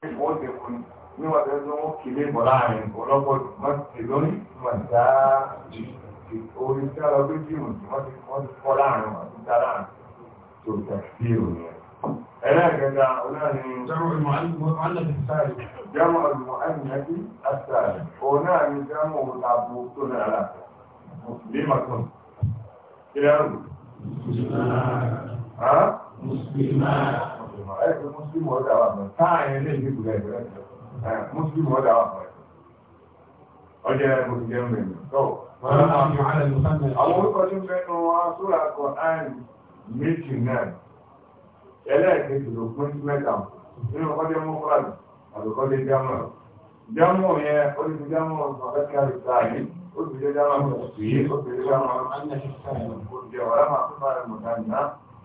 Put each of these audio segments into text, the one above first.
níwájú tó ń kílé bọ̀ láàrin ọlọ́pọ̀ mọ́tìlórí mọ̀tá orí tí a lọ gbé jìmù tí wọ́n ti kọ́ láàrin wọn ti dá láàrin tó tẹ̀sí òní. ẹlẹ́gẹ̀ẹ́gà onáàrin jẹ́mọ̀ ọ̀lùmọ̀ àyìnàjí àtàrí onáàrin jẹ́mọ̀ àbò tó nàrà mùsùlùmọ̀ kílẹ̀ ọ̀rùn. mùsùlùmọ̀ mùsùlùmọ̀ eh, ẹ̀ pé eh, mùsùlùmù ọ̀dà wà mọ̀ táàyàn ilé ìlú ìbùdó ẹ̀gbẹ́ mùsùlùmù ọ̀dà wà mọ̀ ọjọ́ ẹ̀kọ́ ti jẹun mẹ́rin tó àwọn orúkọ tí ń fẹ́nu asúra kọ áìrì méjì náà ẹlẹ́ẹ̀kejì ló pín sí mẹ́ta nínú kọ́jọ́ mọ́kúrálì àlùkọ́jọ́ jámọ̀ jámọ̀ yẹn ó ti jámọ̀ ọ̀fẹ́kẹ́rì sáàyí ó ti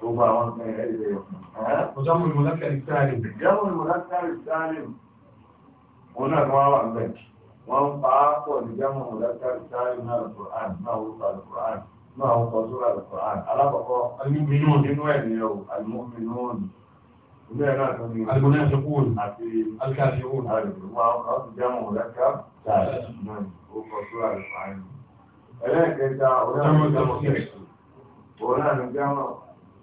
gbogbo àwọn ẹgbẹ́ ọjọ́mù ìmúlẹ́kẹ̀ẹ́ ìsáàlìm ìjọ́mù ìmúlẹ́kẹ̀ẹ́ ìsáàlìm wọn náà wọ́n wà bẹ̀ wọ́n pa á pọ̀ ní jẹ́mù ìmúlẹ́kẹ̀ẹ́ ìsáàlìm náà lùkùrán náà wọ́pọ̀ lùkùrán náà wọ́pọ̀ sórí lùkùrán alákọ̀ọ́kọ́ alúmínú nínú ẹ̀ ní ẹ̀wò alúmínú ilé ẹ̀ náà tó ní alúmínú àti alúkàṣẹ́wò náà lùkùrán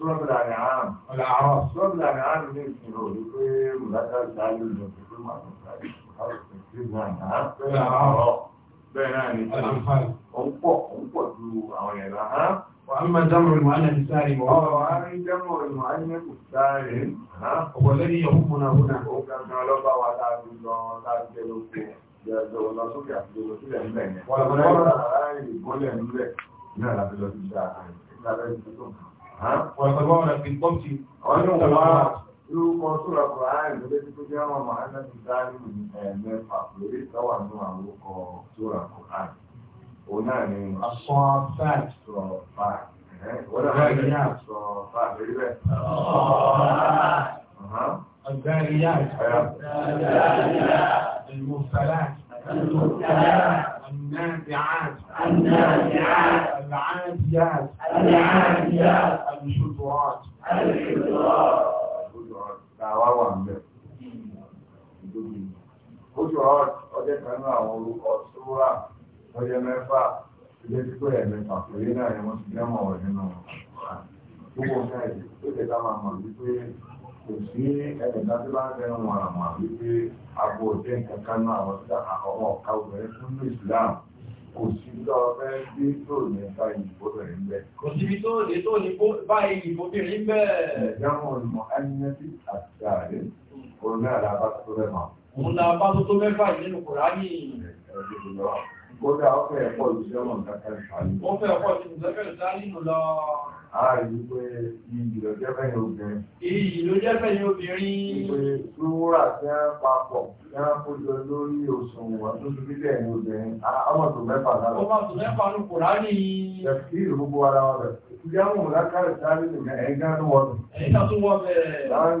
sọ́dọ̀lá ní àrùn ọ̀làrọ̀ sọ́dọ̀lá ní àrùn ní ìṣòro wípé mùlátà sáyé lọ sí pé màá tó sáyé bẹ́ẹ̀ náà ni ó ń pọ̀ ó ń pọ̀ ju àwọn yẹn lọ hàn. wà á máa dámọ̀ ìmọ̀ àná ti sáré wọ́n. ọ̀rọ̀ á rí dámọ̀ ìmọ̀ àná ní kò sáré. ọ̀pọ̀ lẹ́yìn ìyàwó múna múna. ó gbàgbọ́n ọlọ́ba wa láti lọ láti ويتبعون في الضبط عنه lórúkọ sóra kùránì ló létí tó jẹ́ wọn máa ń láti dárí mẹ́fà lórí ìtawà nínú àwọn orúkọ sóra kùránì òun náà ni asọ fáì sọ fáì wọ́n náà máa ń yá sọ fáì lórí bẹ́ẹ̀. الذاريات المرسلات النازعات النازعات العاديات العاديات الحجرات الحجرات tàwa wà ń bẹ̀. Oṣù ọjọ́ kan náà àwọn mẹ́fà ilé tí kò yẹ mẹ́fà yé náà kò sí lọ fẹ́ gbé tó ní bá ìyìnbó rẹ̀ ń bẹ̀. kò síbi tó ní tó ní bá ìyìnbó bìnrin ń bẹ̀. ìjámọ̀ ìmọ̀ ánìyànjú àti ààrẹ òun náà làbá mẹ́fà. òun làbá tó mẹ́fà nínú Kùránì. ẹ̀ẹ́dẹ́gbẹ̀rún Kódà ọ̀fẹ́ ẹ̀kọ́ ìṣẹ́wọ̀n kankan ṣáájú. Wọ́n fẹ́ ọ̀pọ̀ ìṣẹ́fẹ́ ìṣáájú lọ. Ààrùn wípé iyì ló jẹ́ fẹ́yìn obìnrin. Iyì ló jẹ́ fẹ́yìn obìnrin. Ìpè túwúrà tí wọ́n papọ̀ tí wọ́n kójọ lórí òṣùwọ̀n tó ti bílẹ̀ ní obìnrin. Ọmọ tó mẹ́fà lára. Ọmọ tó mẹ́fà ló kò rárí. Ẹ̀sì ìrúgbó ara wọn rẹ̀. Ìyáwó lákàrẹ̀ sáré nìyẹn ẹ̀gá tó wọ́n. Ẹ̀gá tó wọ́n bẹ̀rẹ̀. Láàrín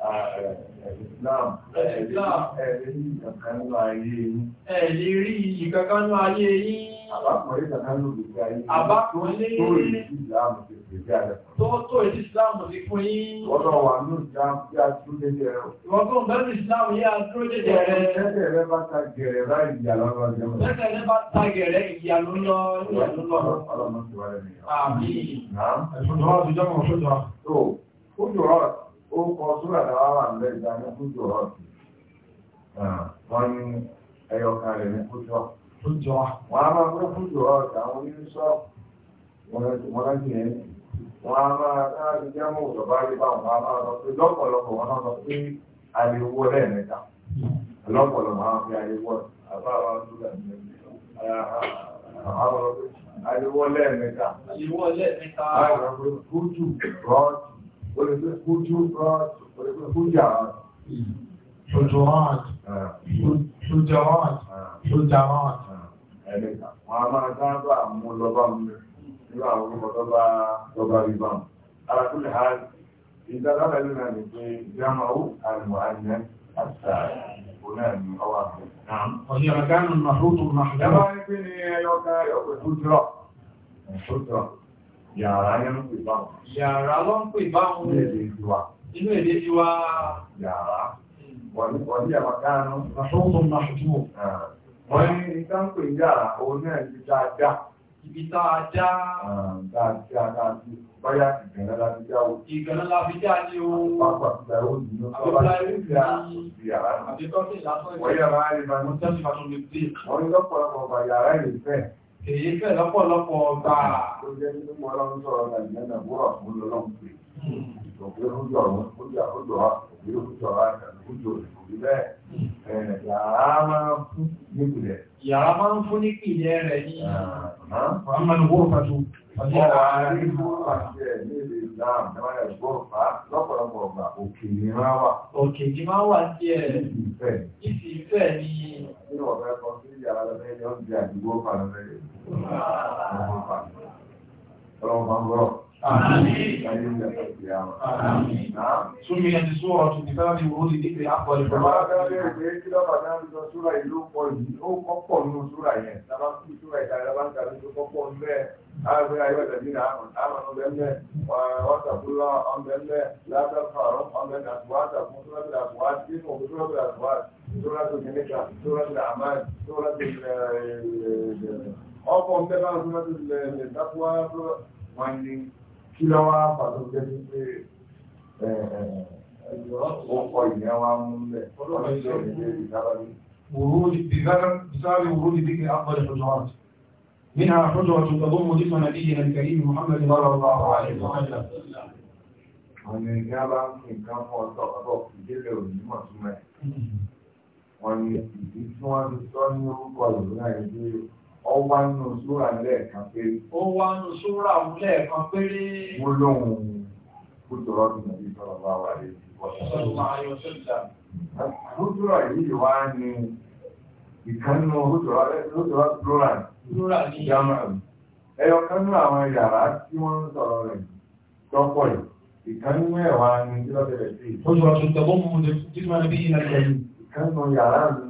Ẹ̀rí ìkàkánú ayé yìí. Ẹ̀rí rí ìkàkánú ayé yìí. Àbákùnrin ìkàkánú gbogbo ayé yìí. Àbákùnrin tó rí ìsìláàmù ti gbèjá rẹ̀. Tó tó ìsìláàmù ti fún yín. Wọ́n náà wà ní ìsìláàmù yá dúró dédé rẹ̀. Wọ́n tó ń bẹ́rù ìsìláàmù yá dúró dédé rẹ̀. Tẹ́tẹ̀ rẹ bá ta gẹ̀rẹ̀ láì ìyà lọ́lọ́ jẹun. Tẹ́tẹ̀ rẹ bá ta gẹ̀rẹ̀ ìyà lọ́lọ́ ìyà lọ́lọ́. Ọlọ́run ti wà lẹ́nu. Àmín. Ẹ̀sùn tó wá ti jẹ́ mọ̀ sójà. Tó, ó jù ó kọ súrà náà wà ń bẹ́ẹ̀ dání fújọ ọ̀sìn wọ́n ní ẹyọkan rẹ̀ ní fújọ fújọ wọ́n á máa fún fújọ ọ̀sìn àwọn oníṣọ́ wọn láti yẹn wọ́n á máa láti jẹ́ mú ìjọba rí bá wọn á máa lọ pé lọ́pọ̀lọpọ̀ wọn náà lọ pé ariwo lẹ́ẹ̀mẹ́ta lọ́pọ̀lọpọ̀ àwọn fi ariwo àbá wa súrà ní ariwo lẹ́ẹ̀mẹ́ta ariwo lẹ́ẹ̀mẹ́ta kújù حجرات حجرات حجرات حجرات حجرات wọ́n a máa dábà mú lọ́bá mú nígbà àwọn ọmọdọ́bá lọ́bá rìbọn alákùnlé ha ìdádára ìlú náà ní pé jámàú àrùn àyẹ́ àtà òun àmì ọwà àmì ọ̀yẹ̀rẹ̀gánù mahútù mahútù Yàrá yẹn ń pè báwọn. Yàrá ló ń pè báwọn. Ní èdè ìwà. Inú èdè ìwà. Yàrá. Hmm. Wọ́n ní àbàkáàánú. Àṣọ́kùn máa ṣùgbọ́. Wọ́n ní ìtànkù ah. yàrá òun náà ti dáadáa. Ibi dáadáa. Dáadáa dáadáa. já o. Ìgbẹ̀rẹ̀ láti já ni o. Àpapọ̀ àti ìgbẹ̀rẹ̀ òun ni o. Àpapọ̀ àti ìgbẹ̀rẹ̀ òun ni o. Àpapọ̀ àti ìgbẹ̀rẹ̀ òun ni o. Àpapọ̀ àti ìgbẹ̀rẹ̀ òun ni o. Àpapọ̀ àti ìgbẹ̀rẹ̀ òun ni o. Àpapọ̀ àti ìgbẹ̀rẹ̀ òun ni o. Àpapọ̀ o. Àpapọ̀ àti ìgbẹ̀rẹ̀ òun ni ni o. Àpapọ̀ àti ìgbẹ̀rẹ̀ òun ni o. Àpapọ̀ àti ìgbẹ̀rẹ̀ òun ni o. Àpapọ̀ àti ìgbẹ̀rẹ̀ òun èyí fẹ́ lọ́pọ̀lọpọ̀ ọgbà. ó jẹ́ nínú ọlọ́run sọ̀rọ̀ nàìjíríà náà wúrọ̀ fún lọ́lọ́run pé hmm. òkè ojú ọ̀run ojú àkójọ òkè ojú ọ̀rá àjàlójú òkè bẹ́ẹ̀ hmm. yàrá máa ń fún nípìnlẹ̀. yàrá máa ń fún nípìnlẹ̀ rẹ̀ ní. Ah, àmọ́ àwọn Òkè ni máa wà. Òkè ẹ̀. Ìfẹ́. Ìfẹ́ ni. Nínú kan sí ìyàrá lọ mẹ́rin, ó ń di àdúgbò pàdánù mẹ́rin. Ọlọ́run máa سميت سورة كتاب ورود ذكر أفضل القرآن. Àwọn ẹgbẹ́ ìdàdínà àwọn ọmọ ẹgbẹ́ ọ̀tàkúlá ọmọ ẹgbẹ́ látàkà ọmọ ẹgbẹ́ àtúwátà fún Súrọ́tì àtúwátì nínú òkú Súrọ́tì àtúwátì, Súrọ́tì Mẹ́lẹ́kà, Súrọ́tì Àmáì, Súrọ́tì ọkọ̀ ń bẹ́ bá Súrọ́tì kí lọ wá pàtó jẹ́ sí pé ọkọ̀ ìyẹn wá mú lẹ̀ ọlọ́run ṣe ìdílé ìdábàbí. ورود بسبب ورود ذكر أفضل الحجرات منها حجرة تضم جسم نبينا الكريم محمد صلى الله عليه وسلم àwọn ènìyàn bá ń pín nǹkan fún ọ̀tọ̀ ọ̀tọ̀ ìdílé onímọ̀ túmọ̀ ẹ̀ wọ́n ní ìdí tí wọ́n ti sọ ní orúkọ ìlú náà ìdílé ọwá nù súra lẹ́ẹ̀kan péré. ó wá nù súra lẹ́ẹ̀kan péré. mo lóhun kó tọrọ bí nàbí sọ̀rọ̀ bá wà lé. Lótúrà yìí wá ní ìkànnù lótúrà plural. Plural ní German. Ẹyọ kan àwọn yàrá tí wọ́n ń sọ̀rọ̀ rẹ̀ tọ́pọ̀ yìí. Ìkànnù ẹ̀ ní tí lọ́tẹ̀lẹ̀ sí. Ó sọ̀rọ̀ tó tẹ̀wọ́ mú un tí wọ́n bí ìlànà yìí. Ìkànnù yàrá mi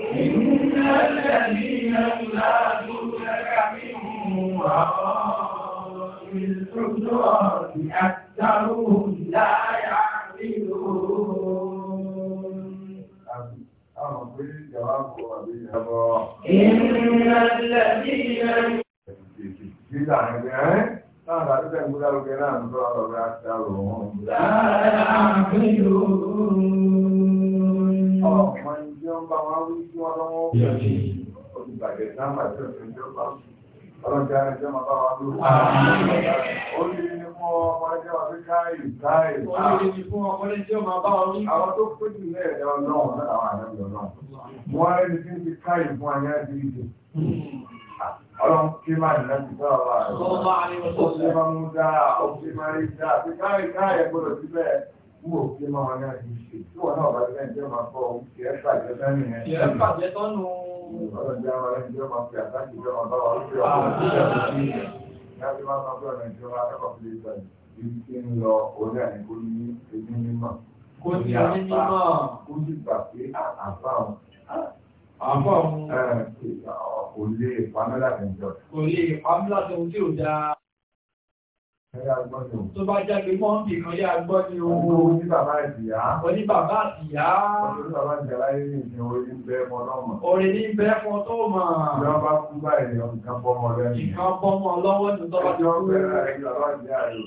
إن الذين ينادونك من وراء الحجرات أكثرهم لا يعقلون إن الذين Dídà ẹgbẹ́ ẹ́ láàrín àtúntẹ̀ ìgbúdárúkẹ náà ń tọ́ ọ̀rọ̀ àtàrò wọn. Láàrín àpínlò. Ọ̀pọ̀ tí wọ́n bá wọn wí tí wọ́n lọ́wọ́ olùbàjẹ́ sáàmà tí ó fi jọba máa ní ní fún ọmọdé wa pé káyì káyì ó ní ní fún ọmọdé tí ó máa bá wọn wí àwọn tó pé jù ní ẹ̀dá ọlọ́run náà àwọn àjọyọ̀ ọlọ́run wọ́n ẹni tí ń fi káyì fún ayé àti ìdè Ọlọ́run kí máa nìyà ti bá wa rẹ̀. Ó ṣe máa mú dáa, tí wò kí máa ní àti ṣe tí wọn náà bá ti lẹ́yìn tí ó máa kọ́ ohun tí ẹ bàjẹ́ sẹ́nu yẹn. tí ẹ bàjẹ́ tọ́nu. ọ̀rọ̀ ìjà wa lẹ́yìn tí ó máa fi àtàkì tí ó máa bá wa lókè ọ̀pọ̀ ìjà wa sí ilẹ̀. ní a ti máa sọ pé ọ̀nà ìjọba akẹ́kọ̀ọ́ fi lè gbà ibi tí ń lọ orí àní kó ní ebi mímọ̀. kó ní ebi mímọ̀. kó sì gbà pé àbá òun. àbá òun. kò lè pamẹ́lá tó ń jọ. kò lè pamẹ́lá tó ń tí ò dáa. Tó bá jáde mọ́ǹdì kan yá gbọ́ owó ní bàbá ìdìyà. Oní bàbá ìdìyà. Oní bàbá ìdìyà láyé ní orí ń bẹ́ ẹmọ náà Orí ní bẹ́ ẹmọ tó mọ̀. Ìjọ bá kú báyìí nǹkan bọ́mọ lẹ́nu. Nǹkan bọ́mọ lọ́wọ́ ní tọ́ba ti kú. Ẹjọ́ bá ìdìyà rẹ̀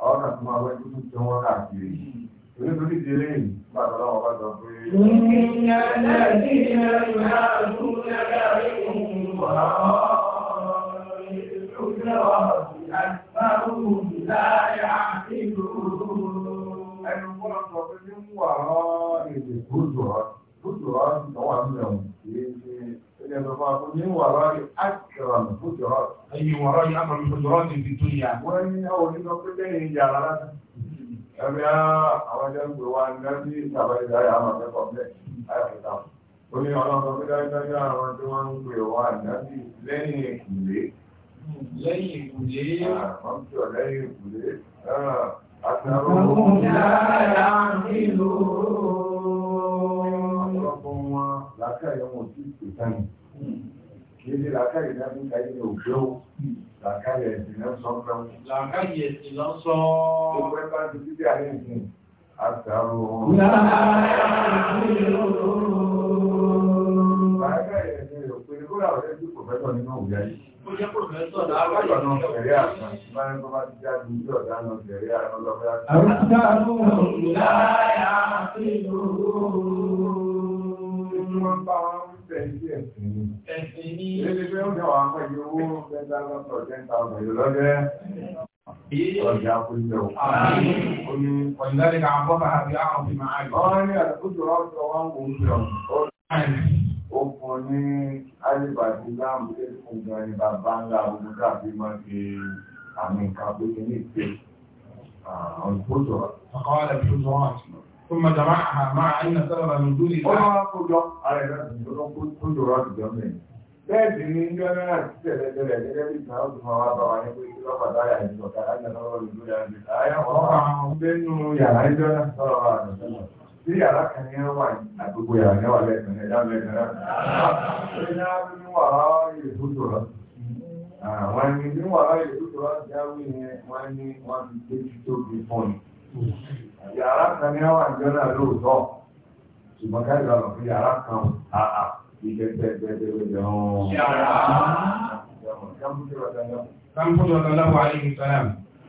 náà tún máa wẹ́ Ẹyin wọ̀rọ̀ yìí ápàlù fòjòrò ti fi tó yà. Wọ́n ní àwọn onígbọ́ pé lẹ́yìn ìjà rárá. Ẹgbẹ́ àwọn ẹgbẹ́ ń gbé wa ń gbé sí ìjàmbá ìjà yà á máa fẹ́ kọ̀ọ̀lẹ̀ àyàfẹ́ta. Ó ní ọlọ́run sọ pé dájúdájú àwọn tí wọ́n ń gbé wa ń gbé sí lẹ́yìn ìkùnlé lẹ́yìn ìkùlé. Àwọn wọn làákàyè wọn ò tí ì pè sáyìn. Kìí náà ní káyé ní òjò. Làákàyè ẹ̀sìn náà sọ ẹ̀sìn náà sọ. Gbogbo bá ti títí àyè ìsìn. Àtàwọn lára nílò. Làákàyè ẹ̀sìn rẹ̀ ò pé kó làwọn ẹgbẹ́ kò fẹ́ tọ̀ nínú òwúyá yìí ó jẹ́ pòfẹ́sọ̀ láàárọ̀ náà tẹ̀lé àṣà ìmáyé tó bá ti jáde ní ọ̀dá náà tẹ̀lé àṣà ọlọ́pàá. àwọn ìdáhùn láyà sí ìlú wọn bá wọn ń tẹ̀ sí ẹ̀sìn ní. ẹ̀sìn ní. ilé ìgbẹ́ òjò àwọn akọ̀yẹ owó fẹ́ńdà lọ́sọ̀ ten thousand yóò lọ́jẹ́. Ọjà kúlẹ̀ o. Omi ọ̀nìyàn lè ka àbọ̀ bá àbí àwọn fi máa yọ. Ọ̀rẹ́ ni àdàkùn jọ̀rọ̀ ọ̀sọ̀ wọn kò ń jọ ó fún ní alibadi láàmù tó fún gan ní bàbá ńlá ogun tàbí máa fi àmì ìkàgbé ní ìpè àwọn ìfòsọ. ọkọ wa lẹbi tó sọ wọn àti ثم جمعها مع أن سبب نزول الله. وما كل على كل رد جميل. Bẹ́ẹ̀dì ni ń jọ́nà àti tẹ̀lẹ̀ tẹ̀lẹ̀ gẹ́gẹ́ bí ìtàn ọdún máa wá bàwá ní pé kí dáyà ìjọba alájọ́ lọ́wọ́ ìlú yàrá ìjọba. Àyà sí yàrá kan ní wà àgbogbo yàrá ní wà lẹ́ẹ̀kan ẹ̀dá lẹ́ẹ̀kan náà. ṣé ní àwọn níwà yóò tó sọ̀rọ̀? wọ́n ní níwà yóò tó sọ̀rọ̀ àti àwọn ìyẹn wọ́n ní wọ́n fi tẹ́jú tó fi fún ni. yàrá kan ní wà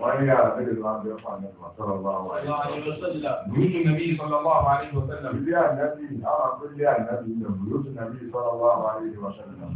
وهي مثل الأرض يرفع النبي صلى الله عليه وسلم النبي صلى الله عليه وسلم بيوت النبي أرى كل النبي بيوت النبي صلى الله عليه وسلم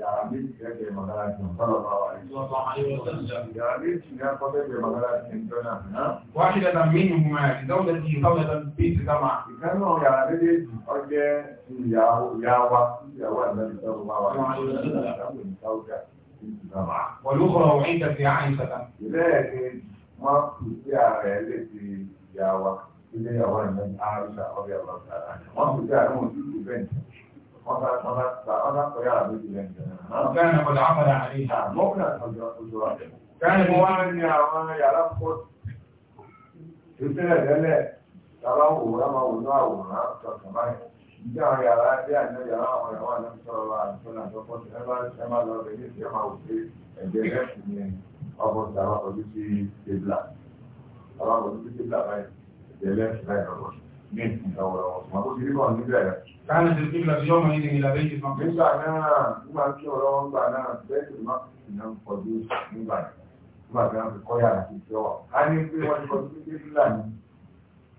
da abinci yake magana cikin sallallahu alaihi wasallam da abinci ya kwata ke magana cikin jona na wahida da mini kuma zaune ci zaune da bisu kama ikan nan ya rage oge yawa yawa da sallallahu alaihi wasallam والأخرى وعيدة في عائشة. لكن ما في التي يا وقت إلى يوم من عائشة رضي الله تعالى عنها. ما في وكان والعمل عليها كان موارد yàrá fún ìpínlẹ̀ tẹ́lẹ̀ tàbá òwúrọ̀ máa wò ní àwòrán tọ̀tọ̀ báyìí ìjọ àwọn yàrá bí àná yàrá àwọn ìyàwó àná sọ̀rọ̀ wa àti sọ́nà àtọ́kọ́ tí ẹ bá ẹ máa lọ bẹ̀rẹ̀ tí ẹ máa wò pé ẹ̀jẹ̀ lẹ́sìn ni ọkọ̀ tàbá ojú sí tébìlà tàbá ojú sí tébìlà báyìí ẹ̀jẹ̀ lẹ́sìn báyìí lọ́wọ́ sí nísìn lọ́wọ́lọ́wọ́ ṣùgbọ́n tó ti rí bọ́ọ̀ níbẹ̀ rẹ̀. káàní ti kíkìlá sí ọmọ yìí ní ìlàbẹ́ yìí sọ́kùn. nígbà náà nígbà tí ọ̀rọ̀ ń gbà náà bẹ́ẹ̀ tó má fi náà ń kọjú nígbà nígbà tí wọ́n fi kọ́ yàrá sí ìfẹ́ wà. a ní pé wọ́n ti kọjú sí kíkìlá ní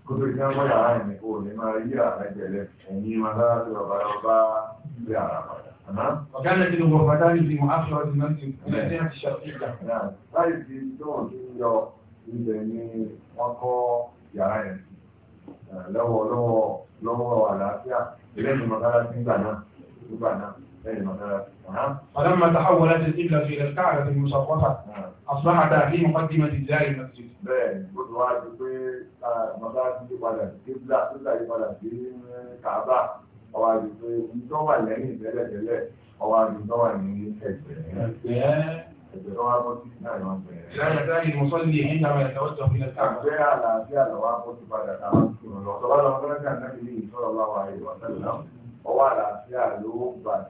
kó tó iná mọ́ yàrá ẹ̀mí kó lè máa rí yàrá jẹ̀lẹ̀ ẹ̀yìn máa lára tó ọba ọba rí yàrá padà. ọ̀gá náà lọ́wọ́ lọ́wọ́ lọ́wọ́ àlàáfíà lẹ́nu mọ́sálásí gbà náà gbà náà lẹ́nu mọ́sálásí. فلما تحولت القبلة إلى الكعبة المشرفة أصبح في مقدمة الجار المسجد. bẹ́ẹ̀ bó ti wá di pé mọ́sálásí ti padà kíbla kíbla yìí padà sí kàbá ọwọ́ àti pé ìjọba lẹ́yìn tẹ́lẹ̀tẹ́lẹ̀ ọwọ́ àti ìjọba ní ẹgbẹ̀rún. لأن ذلك المصلي حينما يتوجه إلى الكعبة. جاء على جاء على وابوس بعد تعبد الله. طبعا لما كان النبي صلى الله عليه وسلم هو على جاء له بعد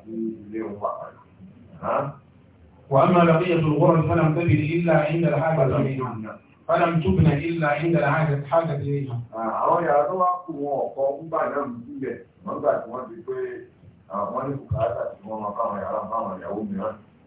يوم واحد. ها؟ وأما بقية الغرف فلم تبن إلا عند الحاجة إليها. فلم تبن إلا عند الحاجة حاجة إليها. àwọn yàrá tó wá kù wọn ọ̀kọ́ ńgbà náà ń bílẹ̀ wọ́n gbà tí wọ́n ti pé àwọn ní bùkátà tí wọ́n máa bá àwọn yàrá bá àwọn ìyàwó mìíràn.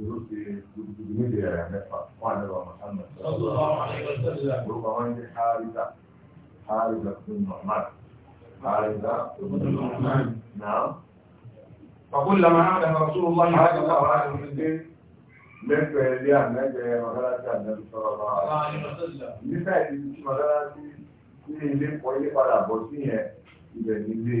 صلى الله عليه وسلم وكمان دي حارثة حارثة بن نعمان حارثة بن نعمان نعم فكلما أعلم رسول الله صلى الله عليه وسلم من فعليا نجا مغلاتي النبي صلى الله عليه وسلم nígbà tí mo dára sí ilé kọ́ yí padà bọ́ sí yẹn ibẹ̀ nílé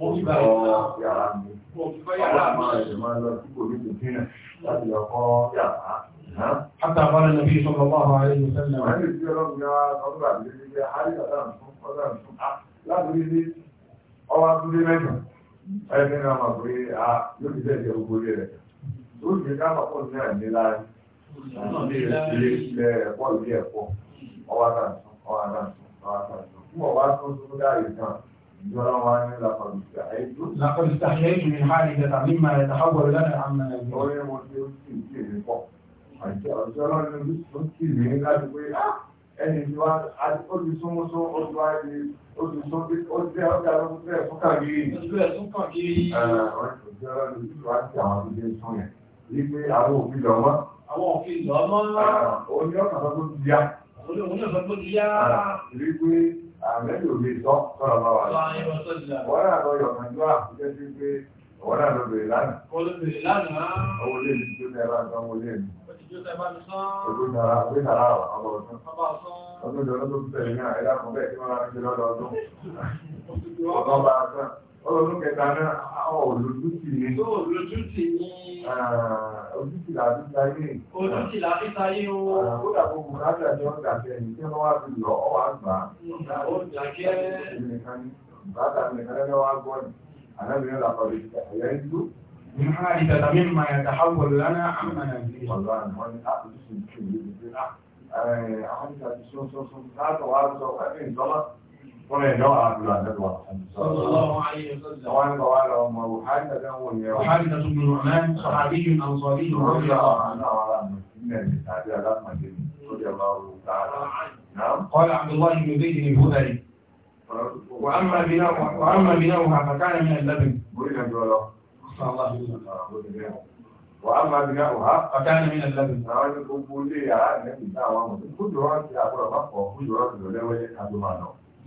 mo fi bá yàrá mi mo fi bá yàrá mi ẹ̀sẹ̀ máa lọ sí kò ní kò dínà láti lọ kọ́ yàrá حتى قال النبي صلى الله عليه وسلم هل يجي رب يا صلى الله عليه وسلم لا تريد أو أتريد ميتا ẹni náà máa pé a yóò fi bẹ́ẹ̀ jẹ gbogbo ilé rẹ̀ tó ṣe ká máa pọ̀ ní àìní láàyè ilé ilé ilé ẹ̀kọ́ ilé ẹ̀kọ́ ọwọ́ àtàǹtún ọwọ́ àtàǹtún ọwọ́ àtàǹtún fún ọwọ́ àtúntún dáàrí náà لقد استحييت من حادثة مما يتحول لنا عما نجد ẹni tí wá àdúgbò súnmọ́sọ́ oṣù àìdí oṣù sóbí ó jẹ́ ọjà lọ́pẹ́ fún kàbírí wípé àwọn òfin lọ́mọ́ àwọn òfin lọ́mọ́ ó ní ọ̀kà tó tó ti yá wípé àmẹ́lì ò lè sọ sọ́rọ̀ bá wà lọ́wọ́ wọ́n náà lọ yọ̀ pẹ̀lú àkójẹ́ sí pé wọ́n náà lọ bèèrè lánàá olóbèèrè lánàá owó lè ní tó tẹ́ra sán owó lè ní ojú tara pé tara ọlọ́dún kẹta náà àwọn olójútì ní olójútì ní ojútì làbíta yé ojútì làbíta yé o ó dàbò kò láti àjọ ọjà kẹrin tí wọ́n wá fi lọ ọwọ́ àgbà ọjà kẹrin bàtà nìkan lọ́wọ́ agbọ́nì àdábìnrin làkọ̀ọ́lẹ̀ ìyá ìlú من حادثة مما يتحول لنا عما نجري والله أنا هون أقول شيء كذي أنا أحس أن شو شو شو هذا وهذا وهذا ومن عبد الله بن عمر صلى الله عليه وسلم هو قال ام روحان كان هو روحان بن نعمان صحابي انصاري رضي الله عنه من تابع لما جن رضي الله تعالى نعم قال عبد الله بن زيد الهذلي واما بناه واما بناه فكان من اللبن بريد عبد الله صلى الله عليه وسلم واما بناؤها فكان من اللبن رواه البخاري عن النبي صلى الله عليه وسلم كل رواه يقول ما هو كل رواه يقول له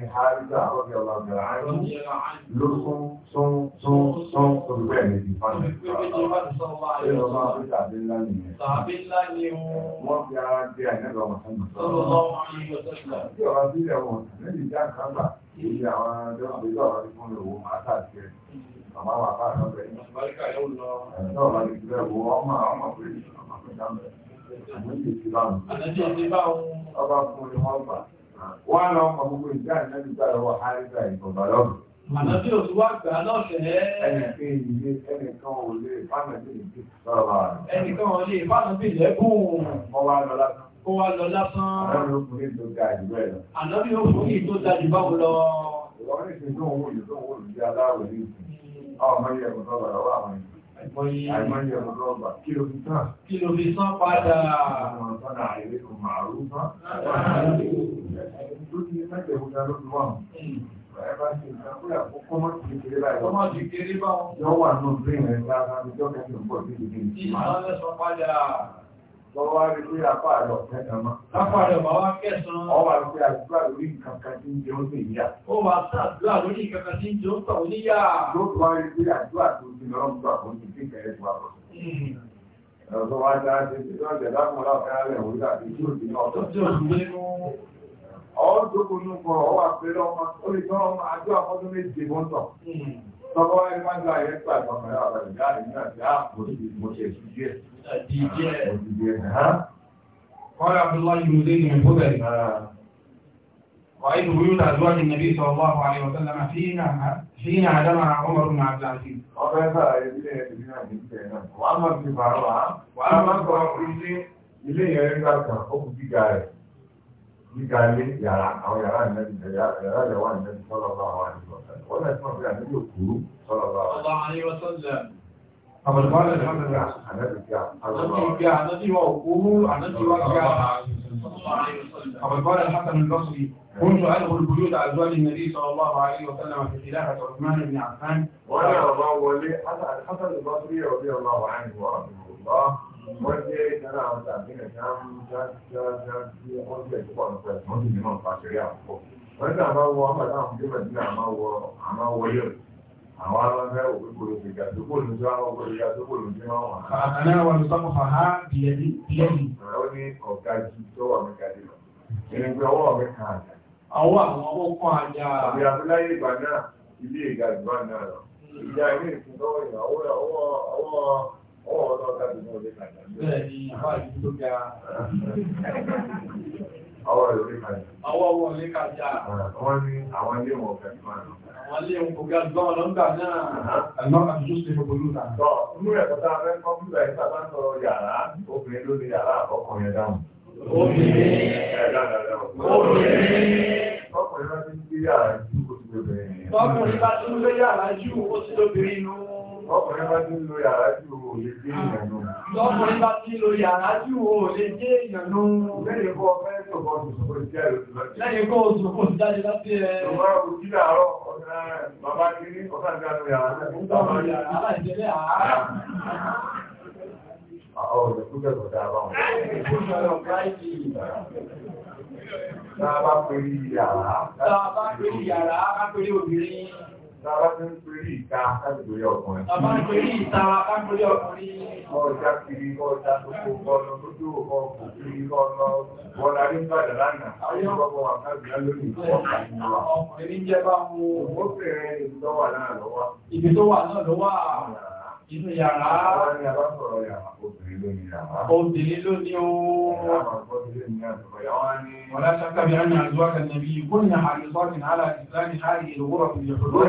ní àríkà ọ̀rẹ́ ọ̀làgbà àárín ló sún sún sún sún orúkọ ẹ̀mí ti fáwọn ẹ̀rọ máa fi tàbí ńlá nìyẹn wọ́n fi ara jẹ́ àìnẹ́gbà wọn sọ́nà tí ọ̀rọ̀ sí ilẹ̀ wọn lẹ́yìn ìjà àkàgbà èyí àwọn ọjọ́ àbíjọ́ ọ̀rọ̀ ti fún lòwò máa tàbí ọmọ ọmọ wọ́n lọ ọkọ̀ gbogbo ìjà ìlẹ́nu gbà lọ́wọ́ àríkà ìkọ̀bà lọ́rùn. Màná tí ò tún wá gbà lọ́fẹ̀ẹ́. Ẹnìkan ìdílé ẹnìkan ò lè fánà bí ìdílé sọ̀rọ̀ bá rẹ̀. Ẹnìkan ò lè fánà bí ìlẹ́kùn. Wọ́n wá lọ lásán. Kó wá lọ lásán. Àlọ́bí ọkùnrin tó ga jù bẹ́ẹ̀ lọ. Àlọ́bí ọkùnrin tó ga jù báwo lọ. Ìwọ́n ní ìsìn tó ń tó ń wò ní aláwọ̀ ní ìsìn. Ọmọ yẹ Kí ló fi sán padà? Ẹ̀bá ti ìgbàkúrà kókó mọ́ ti kéré báyìí. Ọmọ ti kéré báwọn. Yọ́ wà nù bí ìrìn lára ìjọ́ kẹfẹ́ pọ̀ sí ìdíje. Ìmọ̀ lọ́lẹ́sọ padà lọ́wọ́ wá rí pé apá rẹ̀ ọ̀fẹ́ mọ́. apá rẹ̀ ọ̀bá wá kẹsàn-án. ọ wà lórí àdúrà lórí nǹkan kan tí ń jẹ ó lè yá. ó wà sàdúrà lórí nǹkan kan tí ń jẹ ó tọ̀ níyà. ló tó wá rí pé àdúrà tó ti lọ́rọ̀ ń gbà fún mi kí kẹ̀rẹ́ tó wà lọ. Hmm. ọ̀sọ̀ wá dá ṣe jókòó ní ọkọ̀ ọwà pẹ̀lú ọmọ olùkọ́ ọmọ àjọ àkọ́dún méje wọ́n tọ̀. Tọ́kọ́ wáyé máa الله بن زيد من هدري رأيت النبي صلى الله عليه وسلم حين حين هدمها عمر بن عبد العزيز. وأما في بعضها وأما في بعضها ilé ìyẹn ń gbàgbà ó kù gíga rẹ̀. gíga ilé yàrá àwọn yàrá ìnẹ́bí yàrá ìyàwó ìnẹ́bí sọ́lọ́ bá wà ní ọ̀sán wọ́n lẹ́sìn náà fi àdébí òkúrú sọ́lọ́ bá wà. ọba àyè wọ́n sọ́lẹ̀. àbẹ̀lẹ́bàlẹ̀ ìfọ́nlẹ̀ ànábì kíá. ànábì wa òkúrú ànábì wa kíá. àbẹ̀lẹ́bàlẹ̀ الحسن البصري كنت أدخل البيوت أزواج النبي صلى الله عليه وسلم في خلافة عثمان بن عفان. وأنا رضاه ولي الحسن البصري رضي الله عنه ورحمه الله wọ́n jẹ́ ìdára àwọn tàbí ẹ̀ṣá ń já já já sí nípa ẹ̀sán wọ́n sì àmà wọ àmà táwọn ọmọdé mẹ́tí náà àmà wọ àmà wọ àwọn alámẹ́ òwe kòrò ìgbà tó kò lójú àwọn òwe ìgbà tó kò lójú máa wà. àná wà ló ní ọ̀gá tó wà mí kadì lọ. àwọn ọwọ́ kan Bẹ́ẹ̀ni, àwọn àìsí tó ga. Ọwọ́ ilé kàjá. Ọwọ́ ilé kàjá. Wọ́n ní àwọn ilé wọn fẹ́ fún àná. Àwọn ilé wọn kò ga gbọ́n lọ́gbà náà. Àlọ́ àtúntò ṣe gbogbo lóta. Tọ́, inú ẹ̀kọ́ tá a fẹ́ kọ́ bí ìgbà ìta bá ń sọ yàrá, obìnrin ló ní yàrá àkọ́kọ́ yẹn dáhùn. Obìnrin. Obìnrin. Ọkùnrin bá ti ń gbé Ọkùnrin Ọkùnrin bá tí ń lo yàrá jù ò lè jẹ́ ìyànú. Ọkùnrin bá tí ń lo yàrá jù ò lè jẹ́ ìyànú. Lẹ́yìn kọ́ ọ̀fẹ́ tó bọ́ ṣùgbọ́n ti jáde láti ẹ̀. Lẹ́yìn kọ́ òṣùpọ̀ ti jáde láti ẹ̀. Ìwọ́n ọkùnrin tí láàárọ̀ ọ̀nà bàbá kiri ọ̀sán ìjánu yàrá. Àwọn olùkúkẹ́ ah. ah, kò dáa báwọn. Táa bá pèrè yàrá. Táa bá pèrè yàrá, á pèrè obìnrin. Tàbá ti ń pèrí ìta káàkiri ọkùnrin. Tàbá ń pèrí ìta káàkiri ọkùnrin. Ọjà kiri, ọjà gbogbo ọ̀nà lójú ọkọ̀ kiri ọ̀nà wọ́nà rí ń bàdà lánàá. Ayé ọgbọ̀gbọ̀ wà káàkiri lórí ìfọ̀kà ìmúra. Ọkùnrin ní jẹ́ bá mú. Ó fèrè ìlú tó wà náà lọ́wọ́. Ibi tó wà náà lọ́wọ́ inú yàrá obìnrin ló ní ooo wọ́n ṣáka bí ánì àjúwá kan nàbí ìgbóhùn ní àrísọ́ ti náà láti láti láti ìlúwọ́rọ̀ fún ìyẹ̀fọ́lọ́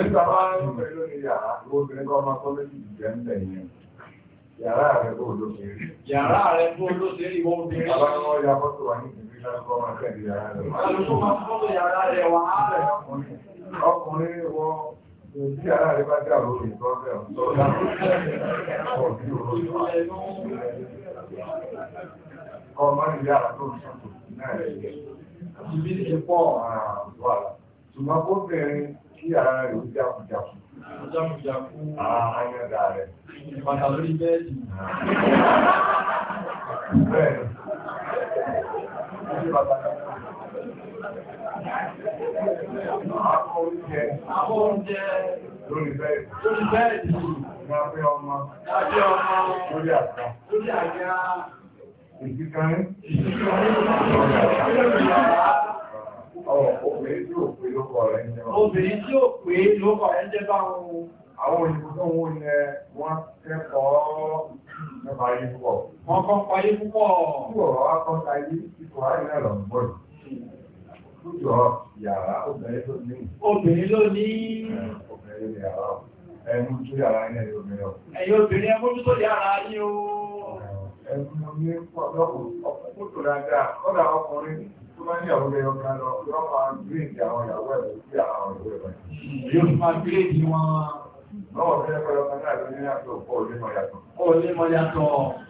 Yàrá rẹ̀ bó Ọkùnrin wọ́n Tí ara rẹ̀ bá dá òun ìtọ́ bẹ̀rẹ̀ ọ̀tọ́ Ọmọ ìyá tó ń sọ́tò náà rẹ̀. Ibi ti pọ̀ àrùn wà. Ṣùgbọ́n kó bẹ̀rẹ̀ kí ara rẹ̀ ó jákùjákù. Jákùjákù. Àyàdà rẹ̀. Ìpàdà lórí bẹ́ẹ̀dì. Bẹ́ẹ̀ni. Ìpàdà lórí bẹ́ẹ̀dì. Lórí obìnrin tí ò pé lókọ rẹ̀ ń jẹ́ bá. Obìnrin ohun. Àwọn òyìnbó tó ilẹ̀ wọ́n kẹ́kọ̀ọ́ nípa ayé púpọ̀. Wọ́n kọ́ pa ayé púpọ̀. Tí ọ̀rọ̀ wá kọ́ ta ayé, Jọ yàrá obìnrin ló ní. Obìnrin ló ní. Obìnrin yàrá ẹnu tó yàrá ní ẹ̀yọ́ obìnrin ọ̀. Ẹ̀yọ́ obìnrin ẹmójú tó yàrá ní o. Ẹnu ní ọlọ́pù ọkùnkùn tó dáadáa, kọ́dà ọkùnrin tó máa ní àwọn ẹyọ kan lọ, yóò máa àwọn ìyàwó ẹ̀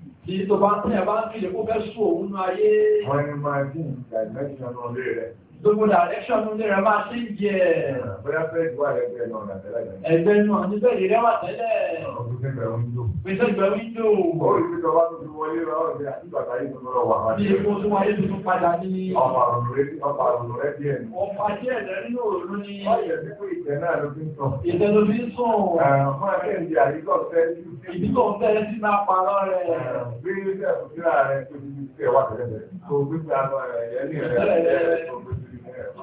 Ìyí tó bá ń tẹ́ bá ń kìí kó fẹ́ sùn òun ayé. Wọ́n ni máa dín ìgbà ìmẹ́jì náà lórí rẹ̀. Gbogbo direction ní rẹ̀ máa ṣe ń jẹ ẹ̀rẹ̀. Ẹgbẹ́ náà ní bẹ́ẹ̀ rẹ̀ wà tẹ́lẹ̀. Pèsè ìgbẹ̀ wíńdò. Ó rí pé ọba wọlé rọ̀ ọ̀rẹ́ àti bàtà yìí tó lọ wà. Bí epo tó wáyé tuntun padà ní. Ọmọ àrùn rẹ̀ díẹ̀ ni. Ọmọ díẹ̀ rẹ̀ nínú òòrùn ni. Ọyẹ̀ nípò ìtẹ̀ náà ló fi ń sùn. Ìtẹ̀ ló fi ń sùn. Àwọn akẹ́kẹ̀ẹ́ àyíkọ̀ fẹ́ sí. Ìdíkọ̀ fẹ́ sí máa pa lọ́rẹ̀. Bí ilé ìfẹ́ òṣìṣẹ́ rẹ̀ tó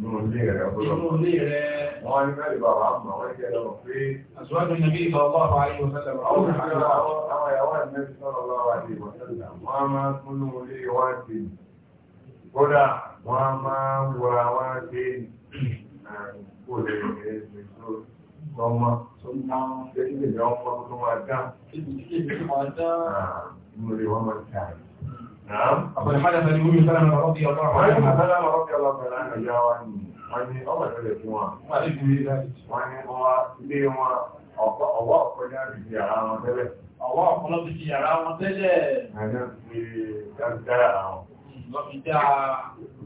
nínú ilé rẹ̀ wọ́n ní mẹ́rin bàbá mọ̀ wọ́n jẹ́ lọ pé aṣíwájú nàbí ìbọ̀wọ́ àwárí wọ́sẹ̀lẹ̀ àwọn àwọn ìyàwó ìmẹ́rin sọ́rọ̀ lọ́wọ́ àti ìwọ̀sẹ̀lẹ̀ wọ́n máa ń kúnnú ilé wá sí kódà wọ́n máa ń wọ́ra wá sí kó lè rẹ̀ ṣe tó lọ́mọ tó ń ná ṣe ilé ìyàwó tó máa dá. Ibi tí kí نعم أقول حدث لأم سلمة رضي الله عنها أم سلمة رضي الله عنها يا واني واني أول ثلاث وان ما اسمي ذلك واني هو لي وان الله أخرجنا في سيارة وانتبه الله أخرجنا في سيارة وانتبه هذا في جزاء لقد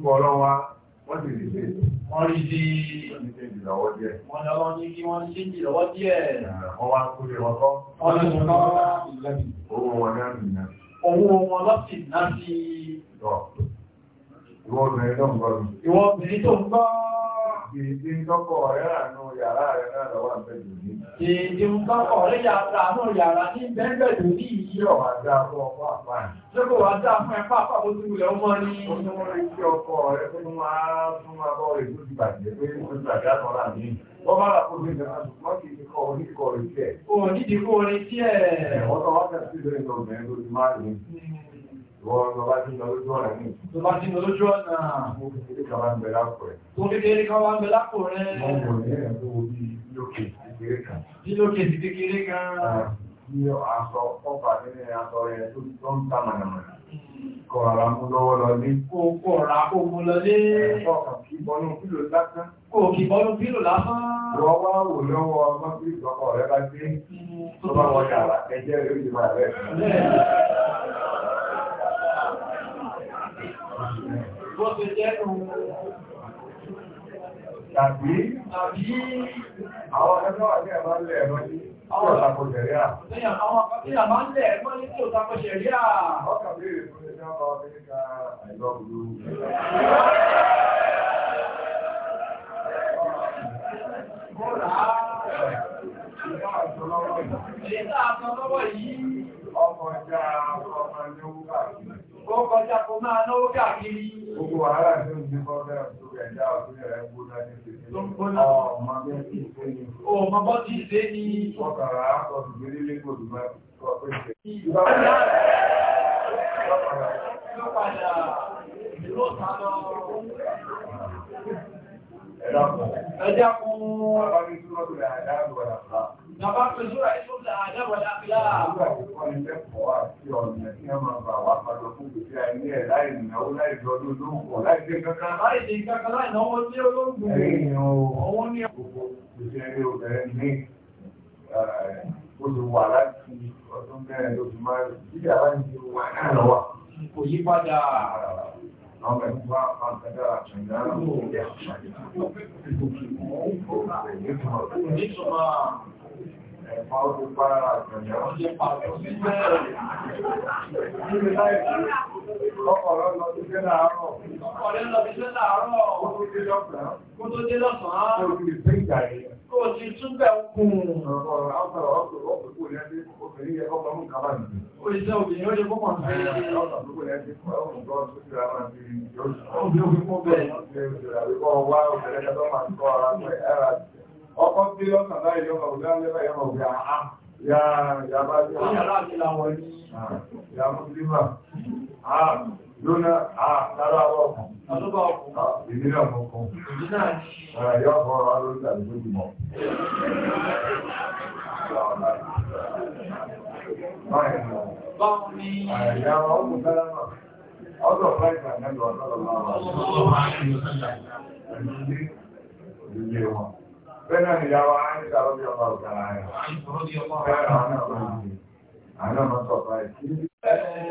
ولو wọ́n ti rí sí wọ́n rí sí ìdílọ́wọ́ díẹ̀ wọ́n lọ́wọ́ ní kí wọ́n ṣe ìdílọ́wọ́ díẹ̀ wọ́n wá kúrò wọ́n kọ́ wọ́n lọ́wọ́ òun wọn lọ́sìn náà sí Ìwọ́n obìnrin tó tó ń gbọ́. Ìdí àánú yàrá rẹ̀ náà lọ́wọ́ àbẹ̀dù ní. Ìdí ń tọ́kọ̀ ọ̀rẹ́ yàrá àánú yàrá ní bẹ́ẹ̀bẹ̀dù ní ìyí ọ̀wà dá fún ọkọ̀ àpá. Ṣé kò wá dá fún ẹ̀fà àpá bó tún Ó tún Ìwọ́n lọ bá ti lọ lójú ọ̀nà ní ìtù. Tó bá ti lọ lójú ọ̀nà. Mo fi kékeré kan wá ń bẹ lápò rẹ̀. Tó kékeré kan wá ń bẹ lápò rẹ̀. Wọ́n mọ̀ ní ẹ̀rọ tó wo bí lókè kékeré kan. Bí lókè kékeré kan. Bí aṣọ ọ̀pá nínú aṣọ rẹ̀ tó ń ta mànàmànà. Kọ̀ ara mú lọ́wọ́ lọlé. Kò kọ̀ ra kò mú lọlé. Ẹ̀fọ́ kan kì lásán. Kò wá wò lọ́wọ́ ọmọ bí ìgbọ́kọ̀ bá dé. Mm, tó bá wọ yàrá ẹ̀jẹ̀ rẹ̀ ó bó Tàbí àwọn ẹgbẹ́ wà ní ẹ̀mọ́ ilẹ̀ ẹ̀mọ́ ní ọ̀rọ̀ àpò ṣẹ̀rí à. Àwọn àpapílà máa ń lẹ̀ ẹ̀mọ́ ní tí ó tapọ̀ ṣẹ̀rí Ọkà kọ́ kọjá kó máa náwó káàkiri. Gbogbo wàhálà tí ó ń dínkọ́ bẹ́ẹ̀ tó rẹ̀ dá òṣèlú rẹ̀ ń gbóná ní ìpínlẹ̀. Ó ń gbóná. Ọmọ bẹ́ẹ̀ ti ṣe ni. Ó mọ bọ́ ti ṣe ni. Ọkàrà ọdún gbélé lé gbòdì máa kọ pé ṣe. Ìgbà padà. Ìgbà padà. Ìlú ọ̀sán lọ. Ẹ̀dá kún. Ẹ̀dá kún. Bàbá mi túnmọ̀ tó rẹ̀ àdá àgbàdà fà. Bàbá mi túnmọ̀ tó rẹ̀ àdá àgbàdà fà ẹ̀ láì ìnáwó láì lọ́dún lóòpọ̀ láì dé kankan. Láì dé kankan láì náwó tí ó ló ń gbé. Ẹ̀yìn ọ̀wọ́ ní àkókò ìṣẹ́ ilé obìnrin ní olùwà láti ọdún mẹ́rin lóṣù márùn-ún. Ìjà láti ti wà náà lọ́wà. Kò yí padà. Àwọn ẹ̀kọ́ àpàkàdà àtúndà ló ń ẹ̀fọ́ ó para àgbẹ̀yẹ̀ ó jẹ́ pàtó sí bẹ́ẹ̀rẹ̀ ọkọ̀ rẹ̀ lọ sí jẹ́ láàárọ̀ ọkọ̀ rẹ̀ lọ sí jẹ́ láàárọ̀ ó tó dé lọ́sàn-án ó tó dé lọ́sàn-án ó ti pín ìgbà yìí ó ti túbẹ̀ ń kún un ọkọ̀ rẹ̀ ọkọ̀ rẹ̀ ọkọ̀ rẹ̀ ọkọ̀ rẹ̀ obìnrin yẹ ọkọ̀ mú kábà nìyí. ó lè jẹ́ ọkọ̀ tí lọ́nà láì yọ́mọ̀ òdá lẹ́bàá yọ́mọ̀ yàbá tí wọ́n yàrá àti làwọn ẹni yàmú sí mà á ah, lónà ah, بين يا عائشة رضي الله تعالى عنها عائشة رضي الله عنها أنا ما صفيت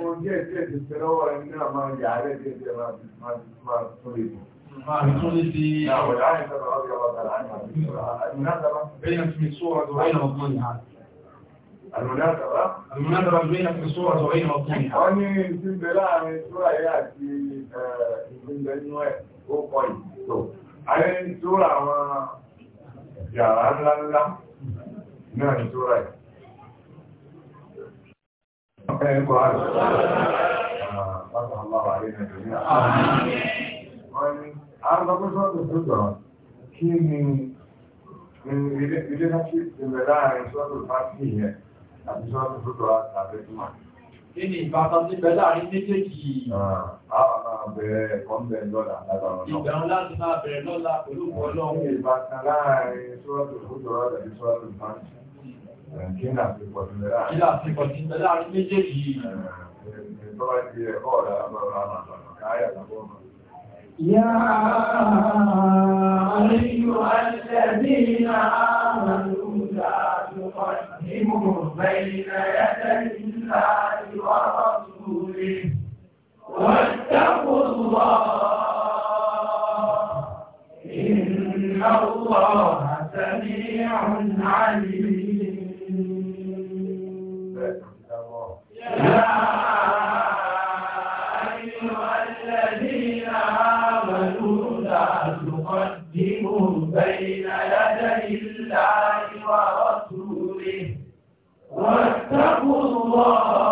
وجيت جيت التنوع إنها ما جاء عليه جيت ما ما ما تريد ما رضي الله تعالى عنها المناسبة بين في صورة وبين مضمونها المناسبة المناسبة بين في صورة وبين مضمونها أني سند لا من سورة يأتي آه، من بنوة وقوي على سورة yàrá ńláńlá náà ní tó ráì ẹ̀kọ́ àrùn pàtàkì aláwà rí nàìjíríà wọ́n ni arúgbọ́gbọ́sọ́tò tó jọ kí ni ilé láti ìrẹ̀lá àrùn sọ́tò bá sí ìyẹn àti sọ́tò tó jọ àtàbẹ́tùmọ̀ nínú ìbátan tí bẹ láàrin méjèèjì bẹ̀rẹ̀ kọ́ńbẹ̀ lọ́la lágbàrán náà. Ìgbà láti máa bẹ̀rẹ̀ lọ́la pẹ̀lú ọlọ́run. Ìbátan láàrin sọ́ọ̀tù fúdọ̀rọ̀ tàbí sọ́ọ̀tù fáńtì. Kí ni àfikọ̀ ti bẹ̀rẹ̀ láàrin? Kí ni àfikọ̀ ti bẹ̀rẹ̀ láàrin méjèèjì? Ìjọba ti ẹ̀kọ́ ọ̀la lágbàrán náà káyà lábọ́ náà. يا أيها الذين آمنوا لا تقدموا بين يدي الله ورسوله واتقوا الله الله